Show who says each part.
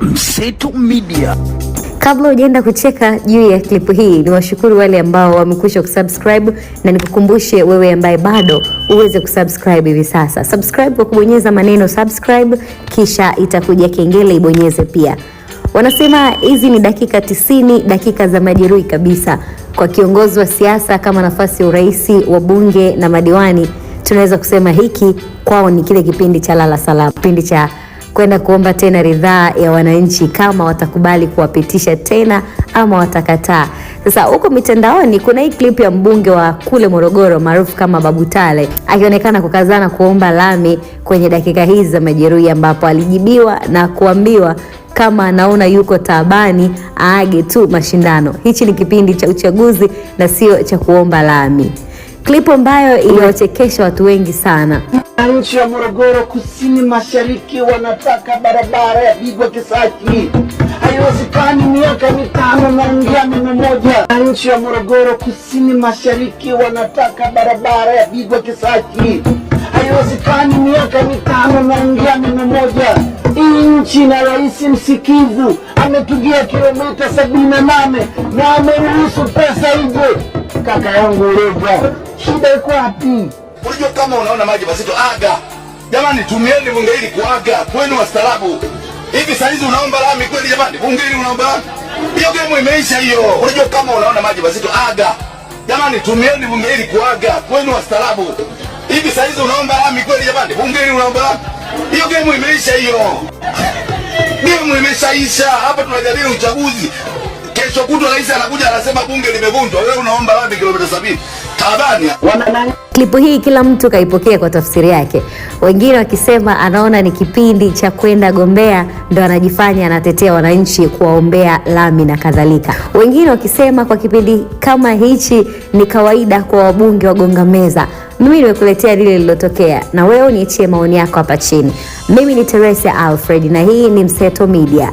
Speaker 1: Mseto Media. Kabla hujaenda kucheka juu ya klipu hii, ni washukuru wale ambao wamekwisha kusubscribe, na nikukumbushe wewe ambaye bado uweze kusubscribe hivi sasa. Subscribe kwa kubonyeza maneno subscribe, kisha itakuja kengele, ibonyeze pia. Wanasema hizi ni dakika tisini, dakika za majeruhi kabisa kwa kiongozi wa siasa kama nafasi ya urais, bunge na madiwani. Tunaweza kusema hiki kwao ni kile kipindi cha lala salama, kipindi cha kwenda kuomba tena ridhaa ya wananchi kama watakubali kuwapitisha tena ama watakataa. Sasa huko mitandaoni kuna hii klipu ya mbunge wa kule Morogoro maarufu kama babutale akionekana kukazana kuomba lami kwenye dakika hizi za majeruhi, ambapo alijibiwa na kuambiwa kama anaona yuko taabani aage tu mashindano. Hichi ni kipindi cha uchaguzi na sio cha kuomba lami. Klipu ambayo iliwachekesha watu wengi sana. Wananchi wa Morogoro kusini mashariki wanataka barabara ya bigwa Kisaki. Haiwezekani miaka mitano na ingia na moja. Wananchi wa Morogoro kusini mashariki wanataka barabara ya bigwa kisaki Haiwezekani miaka mitano na ngia na moja. Hii nchi na rais msikivu ametugia kilomita sabini na nane na ameruhusu pesa hizo. Kaka yangu Rega, shida iko wapi? Unajua kama unaona maji mazito aga. Jamani tumieni bunge hili kuaga. Kwenu wastaarabu. Hivi saa hizi unaomba lami kweli jamani? Bunge hili unaomba lami? Hiyo game imeisha hiyo. Unajua kama unaona maji mazito aga. Jamani tumieni bunge hili kuaga. Kwenu wastaarabu. Hivi saa hizi unaomba lami kweli jamani? Bunge hili unaomba lami? Hiyo game imeisha hiyo. Game imeshaisha. Hapa tunajadili uchaguzi. Kesho kutwa rais anakuja anasema bunge limevunjwa. Wewe unaomba lami kilomita 70. Klipu hii kila mtu kaipokea kwa tafsiri yake, wengine wakisema anaona ni kipindi cha kwenda gombea, ndo anajifanya anatetea wananchi kuwaombea lami na kadhalika. Wengine wakisema kwa kipindi kama hichi ni kawaida kwa wabunge wagonga meza. Mimi nimekuletea lile lililotokea, na wewe niachie maoni yako hapa chini. Mimi ni teresa Alfred na hii ni Mseto Media.